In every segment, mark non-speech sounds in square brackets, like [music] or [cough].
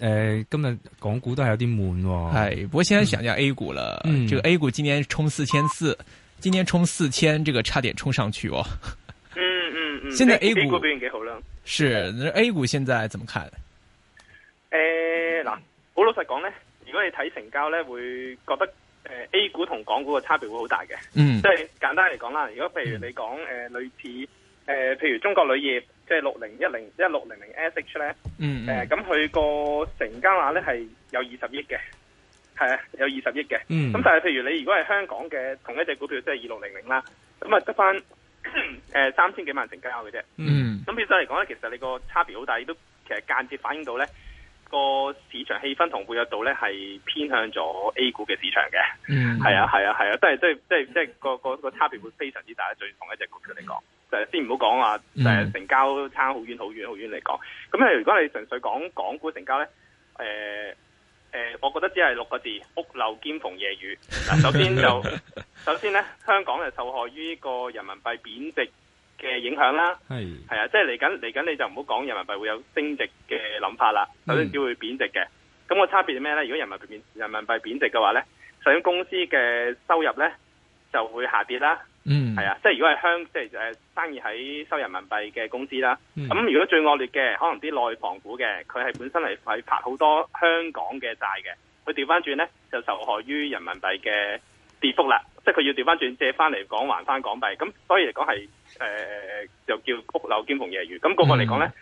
誒、呃，今日港股都係有啲悶、哦，係。不過現在想一下 A 股啦，嗯，這個 A 股今年衝四千四，今年衝四千，這個差點衝上去哦。嗯嗯 [laughs] 嗯，嗯，嗯。現在 A 股，股表現幾好啦，是。A 股現在怎麼看？誒、嗯，嗱、呃，好老實講咧，如果你睇成交咧，會覺得誒、呃、A 股同港股嘅差別會好大嘅。嗯。即係簡單嚟講啦，如果譬如你講誒、嗯呃、類似誒、呃，譬如中國鋁業。即係六零一零一六零零 SH 咧，誒咁佢個成交額咧係有二十億嘅，係啊有二十億嘅。咁、嗯、但係譬如你如果係香港嘅同一隻股票，即係二六零零啦，咁啊得翻誒三千幾萬成交嘅啫。咁變相嚟講咧，其實你個差別好大。亦都其實間接反映到咧個市場氣氛同活躍度咧係偏向咗 A 股嘅市場嘅。係啊係啊係啊，即係即係即係即係個個、個差別會非常之大，最同一隻股票嚟講。先不要說就先唔好講話，誒成交差好遠好遠好遠嚟講。咁誒，如果你純粹講港股成交咧，誒、呃、誒、呃，我覺得只係六個字：屋漏兼逢夜雨。嗱，首先就 [laughs] 首先咧，香港係受害於個人民幣貶值嘅影響啦。係係啊，即係嚟緊嚟緊，你就唔好講人民幣會有升值嘅諗法啦，首先只會貶值嘅。咁、那個差別係咩咧？如果人民幣貶人民幣貶值嘅話咧，首先公司嘅收入咧就會下跌啦。嗯，係啊，即係如果係香，即係誒生意喺收人民幣嘅公司啦。咁、mm -hmm. 如果最惡劣嘅，可能啲內房股嘅，佢係本身係係拍好多香港嘅債嘅，佢調翻轉咧就受害於人民幣嘅跌幅啦。即係佢要調翻轉借翻嚟港還翻港幣，咁所以嚟講係誒誒，就叫屋漏兼逢夜雨。咁、那個個嚟講咧，誒、mm -hmm.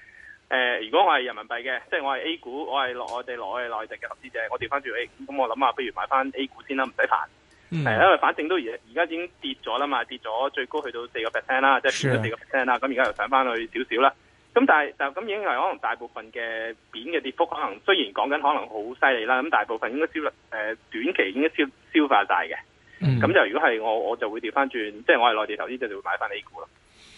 呃，如果我係人民幣嘅，即係我係 A 股，我係攞我哋落去內地嘅投資者，我調翻轉 A 股。咁我諗下，不如買翻 A 股先啦，唔使煩。係、嗯，因為反正都而而家已經跌咗啦嘛，跌咗最高去到四個 percent 啦，即係跌咗四個 percent 啦，咁而家又上翻去少少啦。咁但係就咁已經係可能大部分嘅貶嘅跌幅，可能雖然講緊可能好犀利啦，咁大部分應該消誒短期應該消消化晒嘅。咁、嗯、就如果係我我就會調翻轉，即係我係內地投資就就會買翻 A 股啦。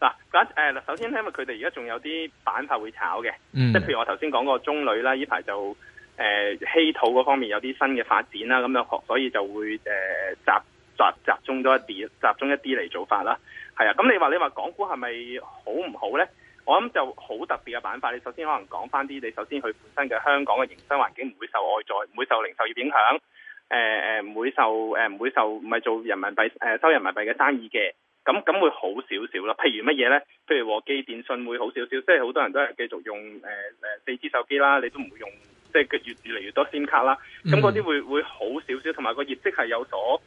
嗱，咁嗱，首先咧，因為佢哋而家仲有啲板塊會炒嘅，即、嗯、係譬如我頭先講個中鋁啦，呢排就誒、呃、稀土嗰方面有啲新嘅發展啦，咁樣，所以就會誒、呃、集集集中咗一啲，集中一啲嚟做法啦。係啊，咁你話你話港股係咪好唔好咧？我諗就好特別嘅板塊。你首先可能講翻啲，你首先佢本身嘅香港嘅營商環境唔會受外在，唔會受零售業影響。誒、呃、誒，唔會受誒，唔、呃、會受唔係做人民幣誒、呃、收人民幣嘅生意嘅。咁咁會好少少啦，譬如乜嘢咧？譬如和記電訊會好少少，即係好多人都係繼續用、呃、四 G 手機啦，你都唔會用，即係越越嚟越多 SIM 卡啦。咁嗰啲會會好少少，同埋個業績係有所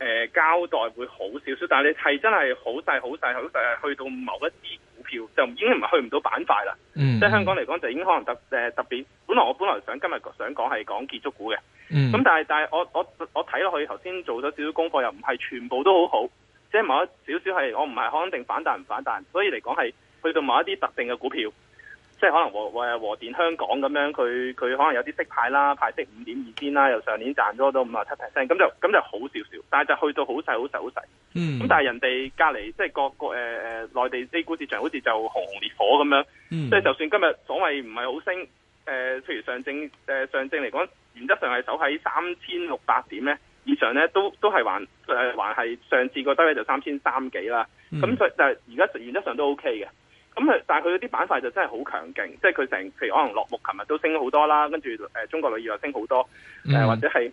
誒、呃、交代會好少少。但係你係真係好細好細好細，去到某一啲股票就已經唔係去唔到板塊啦、嗯。即係香港嚟講就已經可能特、呃、特別，本來我本來想今日想講係講建築股嘅。咁、嗯、但係但係我我我睇落去頭先做咗少少功課，又唔係全部都好好。即係某一少少係，我唔係肯定反彈唔反彈，所以嚟講係去到某一啲特定嘅股票，即係可能和誒和，和電香港咁樣，佢佢可能有啲息派啦，派息五點二仙啦，由上年賺咗到五啊七 percent，咁就咁就好少少，但係就去到好細好細好細、呃、像好細好細好細。嗯，咁但係人哋隔籬，即係各個誒誒內地 A 股市場好似就熊熊烈火咁樣。嗯，即係就算今日所謂唔係好升，誒、呃、譬如上證誒、呃、上證嚟講，原則上係守喺三千六百點咧。以上咧都都係還誒，還係上次個低位就三千三幾啦。咁、mm. 嗯、所以但係而家原則上都 O K 嘅。咁、嗯、佢但係佢啲板塊就真係好強勁，即係佢成譬如可能落木琴日都升好多啦，跟住、呃、中國旅遊又升好多、呃，或者係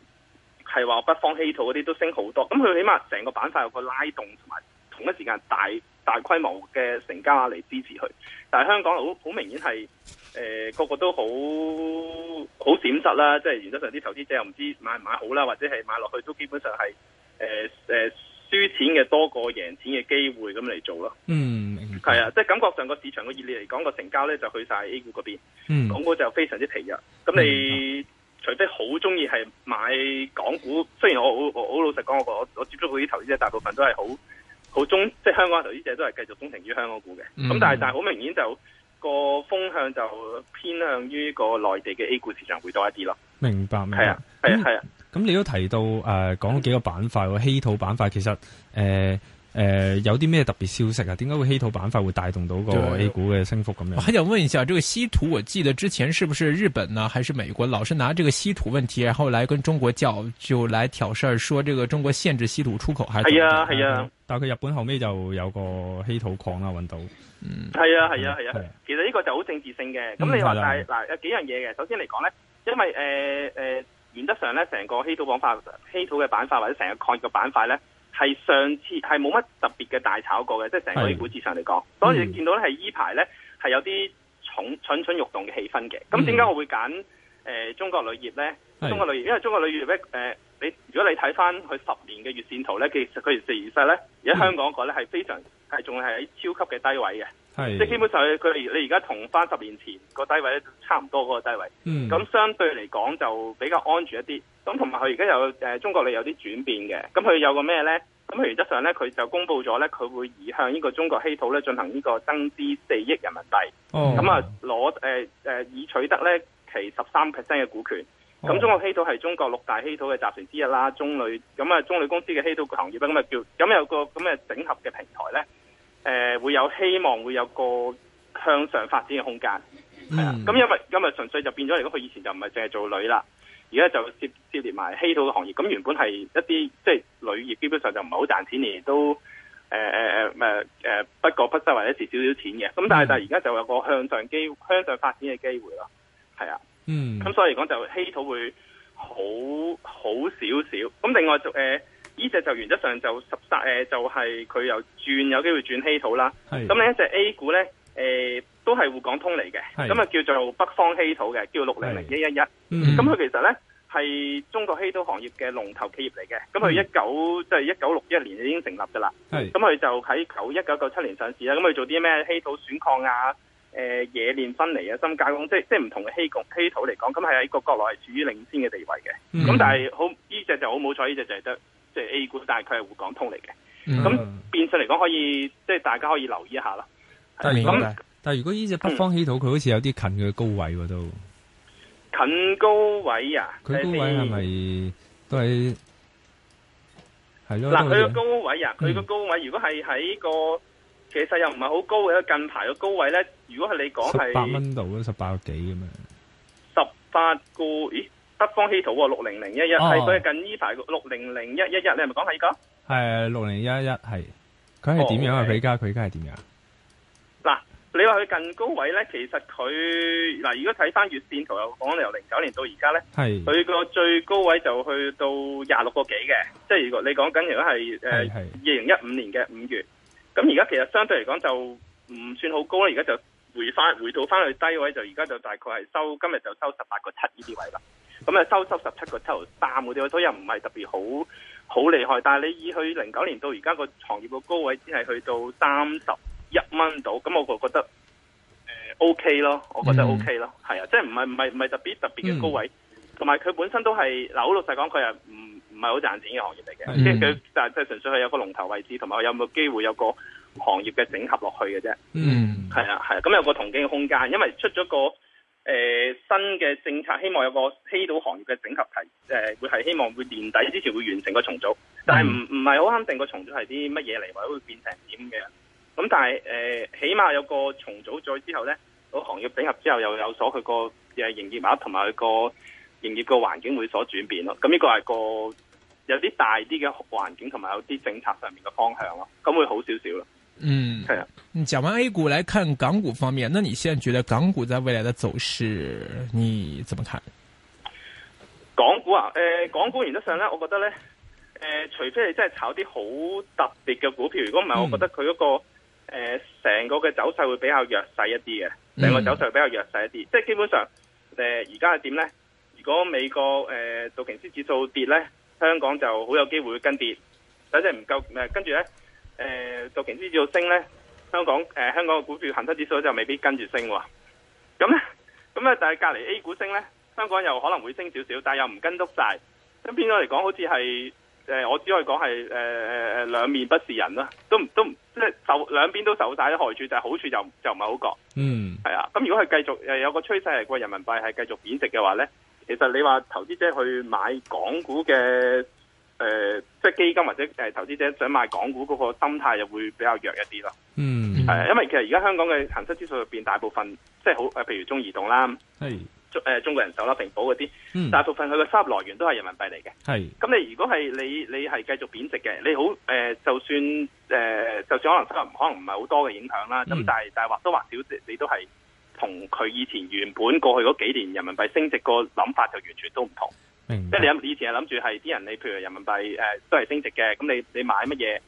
係話北方稀土嗰啲都升好多。咁、嗯、佢、mm. 嗯、起碼成個板塊有個拉動同埋同一時間大大，大規模嘅成交嚟支持佢。但係香港好好明顯係。誒、呃，個個都好好閃失啦，即係原則上啲投資者又唔知買唔買好啦，或者係買落去都基本上係誒誒輸錢嘅多過贏錢嘅機會咁嚟做咯。嗯，係啊，即係感覺上個市場嘅熱烈嚟講個成交咧就去晒 A 股嗰邊、嗯，港股就非常之疲弱。咁、嗯、你除非好中意係買港股，雖然我好我好老實講，我我我接觸嗰啲投資者大部分都係好好中，即係香港投資者都係繼續鍾情於香港股嘅。咁、嗯、但係、嗯、但係好明顯就。個風向就偏向於個內地嘅 A 股市場會多一啲咯。明白，明白，係啊，係啊，係啊。咁你都提到誒，講、呃、幾個板塊，稀土板塊其實誒誒、呃呃，有啲咩特別消息啊？點解會稀土板塊會帶動到個 A 股嘅升幅咁樣？我想問一下這個稀土，我記得之前是不是日本呢，還是美國老是拿這個稀土問題，然後來跟中國叫，就來挑事說這個中國限制稀土出口還是係啊係啊。是啊但佢日本後尾就有個稀土礦啦，揾到。嗯，係啊，係啊，係啊，啊。其實呢個就好政治性嘅。咁、嗯、你話、啊，但係嗱有幾樣嘢嘅。首先嚟講咧，因為誒誒、呃呃、原則上咧，成個稀土板塊、稀土嘅板塊或者成個礦業嘅板塊咧，係上次係冇乜特別嘅大炒過嘅，即係成個股市上嚟講。所以你見到咧係呢排咧係有啲蠢蠢蠢欲動嘅氣氛嘅。咁點解我會揀誒中國鋁業咧？中國鋁業，國業，因為中國鋁業咧、呃你如果你睇翻佢十年嘅月線圖咧，其實佢如四如細咧，而家香港個咧係非常係仲係喺超級嘅低位嘅，即係基本上佢你而家同翻十年前個低位差唔多嗰個低位。嗯，咁相對嚟講就比較安全一啲。咁同埋佢而家有，有中國嚟有啲轉變嘅。咁佢有個咩咧？咁佢原則上咧，佢就公布咗咧，佢會移向呢個中國稀土咧進行呢個增資四億人民幣。哦，咁啊攞誒以取得咧其十三 percent 嘅股權。咁、哦、中國稀土係中國六大稀土嘅集團之一啦，中鋁咁啊中鋁公司嘅稀土行業咁啊叫咁有個咁嘅整合嘅平台咧，誒、呃、會有希望會有個向上發展嘅空間，嗯、啊。咁因為今日純粹就變咗如果佢以前就唔係淨係做鋁啦，而家就接接連埋稀土嘅行業。咁原本係一啲即係鋁業，基本上就唔係好賺錢，年都誒、呃呃呃、不過不失或者蝕少少錢嘅。咁但係但係而家就有個向上機向上發展嘅機會咯，係啊。嗯，咁所以嚟講就稀土會好好少少，咁另外就誒呢隻就原則上就十撒誒就係佢又轉有機會轉稀土啦，係。咁另一隻 A 股咧誒、呃、都係滬港通嚟嘅，咁啊叫做北方稀土嘅，叫六零零一一一，咁佢其實咧係中國稀土行業嘅龍頭企業嚟嘅，咁佢一九即係一九六一年已經成立噶啦，係。咁佢就喺九一九九七年上市啦，咁佢做啲咩稀土選礦啊？誒、呃，冶煉分離啊，深加工，即係即係唔同嘅稀土稀土嚟講，咁係喺個國內係處於領先嘅地位嘅。咁、嗯、但係好，呢隻就好冇彩，呢隻就係得即係 A 股，但係佢係滬港通嚟嘅。咁變相嚟講，可以即係大家可以留意一下咯。咁但係、嗯、如果呢隻北方稀土，佢好似有啲近佢高位喎都、嗯。近高位啊！佢高位係咪都係？係咯。嗱，佢嘅高位啊，佢、嗯、嘅高位如果係喺個。其實又唔係好高嘅，近排個高位咧。如果係你講係十八蚊度，十八個幾咁樣。十八個？咦？北方稀土喎，六零零一一係佢係近呢排六零零一一一，你係咪講係呢個？係六零一一一係。佢係點樣啊？佢而家佢而家係點樣？嗱，你話佢近高位咧，其實佢嗱，如果睇翻月線圖又講，你由零九年到而家咧，係佢個最高位就去到廿六個幾嘅。即係如果你講緊，如果係誒二零一五年嘅五月。咁而家其實相對嚟講就唔算好高啦。而家就回翻回，回到翻去低位，就而家就大概係收今日就收十八個七呢啲位啦。咁啊收收十七個七毫三嗰啲，所以又唔係特別好好厲害。但係你以佢零九年到而家個行業個高位只係去到三十一蚊到，咁我覺覺得、呃、OK 咯，我覺得 OK 咯，係啊，mm-hmm，即係唔係唔係唔係特別特別嘅高位，同埋佢本身都係嗱好老實講，佢又唔。唔係好賺錢嘅行業嚟嘅，即係佢，但係即係純粹係有個龍頭位置，同埋有冇機會有個行業嘅整合落去嘅啫。嗯、mm -hmm.，係啊，係啊，咁有個憧憬嘅空間，因為出咗個誒、呃、新嘅政策，希望有個稀土行業嘅整合提，誒、呃、會係希望會年底之前會完成個重組，但係唔唔係好肯定個重組係啲乜嘢嚟，或者會變成點嘅。咁但係誒、呃，起碼有個重組再之後咧，個行業整合之後又有所佢個嘅營業額同埋佢個營業個環境會所轉變咯。咁呢個係個。有啲大啲嘅環境，同埋有啲政策上面嘅方向咯，咁會好少少咯。嗯，係啊。講完 A 股來看港股方面，那你現在覺得港股在未來的走勢，你怎麼看？港股啊，誒、呃，港股原則上咧，我覺得咧，誒、呃，除非你真係炒啲好特別嘅股票，如果唔係，我覺得佢嗰、那個誒成、嗯呃、個嘅走勢會比較弱勢一啲嘅，成、嗯、個走勢比較弱勢一啲，即、就、係、是、基本上誒而家係點咧？如果美國誒道瓊斯指數跌咧？香港就好有機會跟跌，第一唔夠跟住咧就道瓊斯要升咧，香港誒、呃、香港嘅股票恆生指數就未必跟住升喎。咁咧，咁、嗯、咧、嗯，但係隔離 A 股升咧，香港又可能會升少少，但又唔跟足晒。咁變咗嚟講，好似係誒，我只可以講係誒誒兩面不是人啦，都唔都唔即係受兩邊都受晒啲害處，就係好處就就唔係好講。嗯，係啊，咁、嗯、如果係繼續有個趨勢係個人民幣係繼續貶值嘅話咧？其實你話投資者去買港股嘅，誒、呃，即係基金或者誒，投資者想買港股嗰個心態又會比較弱一啲咯。嗯，係、嗯，因為其實而家香港嘅恒生指數入邊大部分，即係好誒，譬如中移動啦，係中誒，中國人壽啦、平保嗰啲、嗯，大部分佢嘅收入來源都係人民幣嚟嘅。係，咁你如果係你你係繼續貶值嘅，你好誒、呃，就算誒、呃，就算可能收入唔可能唔係好多嘅影響啦，咁、嗯、但係但係或多或少，你都係。同佢以前原本過去嗰幾年人民幣升值個諗法就完全都唔同，即係你諗以前係諗住係啲人你譬如人民幣誒、呃、都係升值嘅，咁你你買乜嘢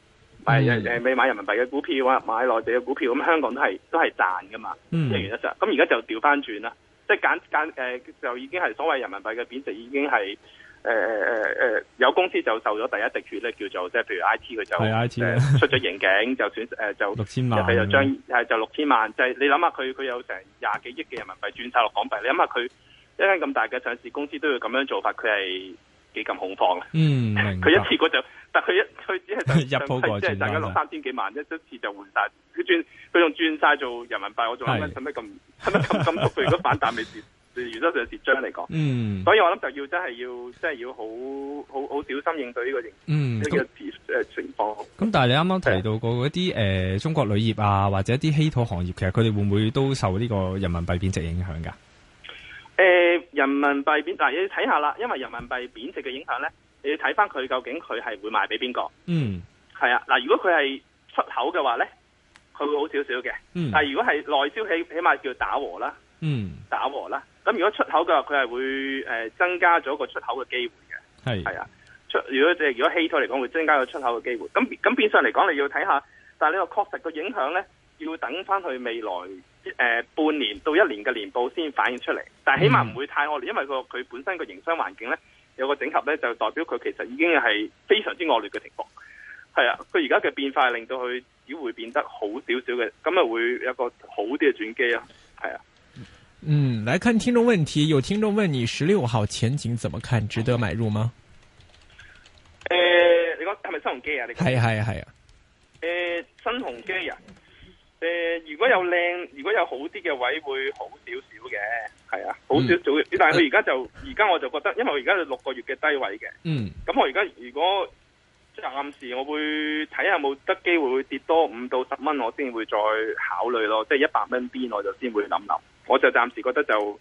買誒未買人民幣嘅股票啊，話，買內地嘅股票咁、嗯、香港都係都係賺㗎嘛，一元得十。咁而家就調翻轉啦，即係簡簡誒就已經係所謂人民幣嘅貶值已經係。誒誒誒誒，有公司就受咗第一滴血咧，叫做即係譬如 IT 佢就、呃、出咗刑警 [laughs] 就算誒、呃、就，就，就， [laughs] 就六千萬，就將係就六千萬，就係你諗下佢佢有成廿幾億嘅人民幣轉晒落港幣，你諗下佢一間咁大嘅上市公司都要咁樣做法，佢係幾咁恐慌啊？嗯，明。佢 [laughs] 一次過就，但佢一佢只係入鋪過，即係大家落三千幾萬，一 [laughs] 一次就換晒佢轉佢仲轉晒做人民幣，我仲諗緊使乜咁使乜咁咁足，佢如果反彈未跌？ [laughs] [laughs] 預收稅跌漲嚟講，嗯，所以我諗就要真係要真係要好好好小心應對呢個形呢、嗯呢個跌情況。咁但係你啱啱提到過一啲誒中國鋁業啊，或者一啲稀土行業，其實佢哋會唔會都受呢個人民幣貶值影響㗎？誒、呃、人民幣貶嗱、呃、你睇下啦，因為人民幣貶值嘅影響咧，你要睇翻佢究竟佢係會賣俾邊個？嗯，係啊，嗱、呃、如果佢係出口嘅話咧，佢會好少少嘅。但係如果係內銷起起碼叫打和啦。嗯，打和啦。咁如果出口嘅話，佢係會誒增加咗個出口嘅機會嘅。係係啊，出如果即係如果稀土嚟講，會增加個出口嘅機會。咁咁變相嚟講，你要睇下。但係呢個確實個影響咧，要等翻佢未來誒、呃、半年到一年嘅年報先反映出嚟。但係起碼唔會太惡劣，嗯、因為個佢本身個營商環境咧有個整合咧，就代表佢其實已經係非常之惡劣嘅情況。係啊，佢而家嘅變化令到佢只會變得好少少嘅，咁啊會有一個好啲嘅轉機啊。係啊。嗯，來看聽眾問題，有聽眾問你十六號前景怎麼看，值得買入嗎？誒、呃，你講係咪新鴻基啊？係係啊係啊。誒，新鴻基啊。誒，如果有靚，如果有好啲嘅位會好少少嘅，係啊，好少少嘅、嗯、但係佢而家就，而、呃、家我就覺得，因為我而家係六個月嘅低位嘅。嗯。咁我而家如果暫時，我會睇下有冇得機會，會跌多五到十蚊，我先會再考慮咯。即係一百蚊邊，我就先會諗諗。我就暫時覺得就誒、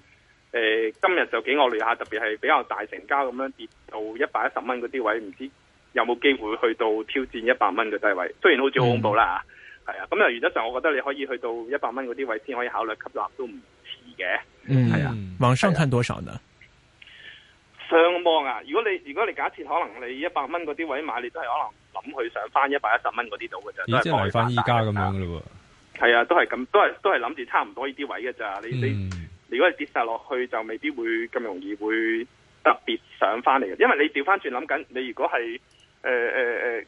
呃，今日就幾惡劣下，特別係比較大成交咁樣跌到一百一十蚊嗰啲位，唔知有冇機會去到挑戰一百蚊嘅低位。雖然好似好恐怖啦，係、嗯、啊。咁啊，原則上我覺得你可以去到一百蚊嗰啲位先可以考慮吸納，都唔遲嘅。嗯，係啊。往、啊、上看多少呢？上望啊！如果你如果你假設可能你一百蚊嗰啲位買，你都係可能諗佢上翻一百一十蚊嗰啲度嘅啫。咦？即係嚟翻依家咁樣咯？喎。係啊，都係咁，都係都係諗住差唔多呢啲位嘅咋？你、嗯、你如果係跌晒落去，就未必會咁容易會特別上翻嚟嘅。因為你調翻轉諗緊，你如果係誒誒誒，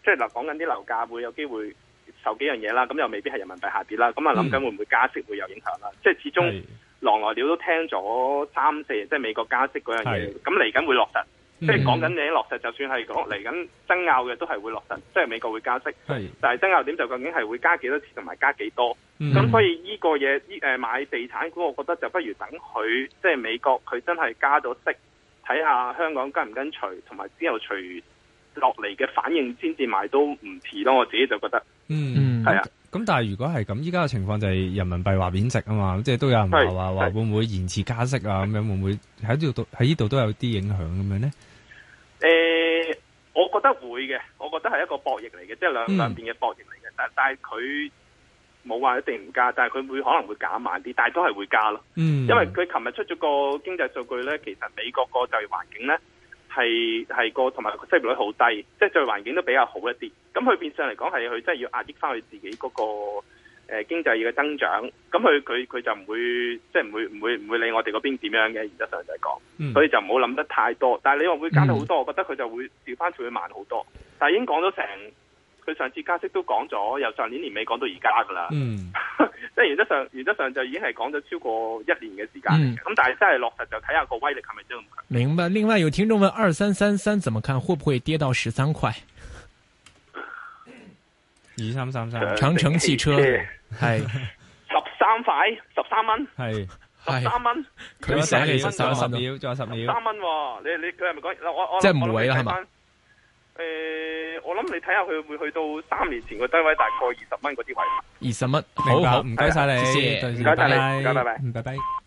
即係嗱，講緊啲樓價會有機會受幾樣嘢啦，咁又未必係人民幣下跌啦。咁啊諗緊會唔會加息、嗯、會有影響啦？即係始終狼來了都聽咗三四，即係美國加息嗰樣嘢，咁嚟緊會落實。嗯、即係講緊你落實，就算係講嚟緊爭拗嘅，都係會落實。即係美國會加息，係但係爭拗點就究竟係會加幾多次同埋加幾多？咁、嗯、所以呢個嘢，呢誒買地產股，我覺得就不如等佢即係美國佢真係加咗息，睇下香港跟唔跟隨，同埋之後隨落嚟嘅反應先至買都唔遲咯。我自己就覺得，嗯，係啊。咁但係如果係咁，依家嘅情況就係人民幣話貶值啊嘛，即係都有人話話話會唔會延遲加息啊咁樣，會唔會喺度喺度都有啲影響咁樣呢，誒、欸，我覺得會嘅，我覺得係一個博弈嚟嘅，即係兩兩邊嘅博弈嚟嘅、嗯，但但係佢冇話一定唔加，但係佢會可能會減慢啲，但係都係會加咯。嗯，因為佢琴日出咗個經濟數據呢，其實美國個就業環境呢。係係個同埋個失業率好低，即係對環境都比較好一啲。咁佢變相嚟講，係佢真係要壓抑翻佢自己嗰、那個誒、呃、經濟嘅增長。咁佢佢佢就唔會即係唔會唔會唔會理我哋嗰邊點樣嘅。原則上嚟講，所以就唔好諗得太多。但係你話會減得好多，嗯，我覺得佢就會調翻轉會慢好多。但係已經講咗成，佢上次加息都講咗，由上年年尾講到而家噶啦。嗯即係原則上，原則上就已經係講咗超過一年嘅時間咁但係真係落實就睇下個威力係咪真咁強。明白。另外有聽眾問：二三三三怎麼看？會不會跌到十三塊？二三三三，長城汽車，係十三塊，十三蚊，係十三蚊。佢寫你身仲有十秒，仲有十秒。十三蚊喎，你你佢係咪講？我我即係唔會啦，係嘛？誒、欸，我諗你睇下佢會去到三年前個低位，大概二十蚊嗰啲位。二十蚊，好好，唔該晒你，唔該晒你，唔該晒你，拜拜。謝謝。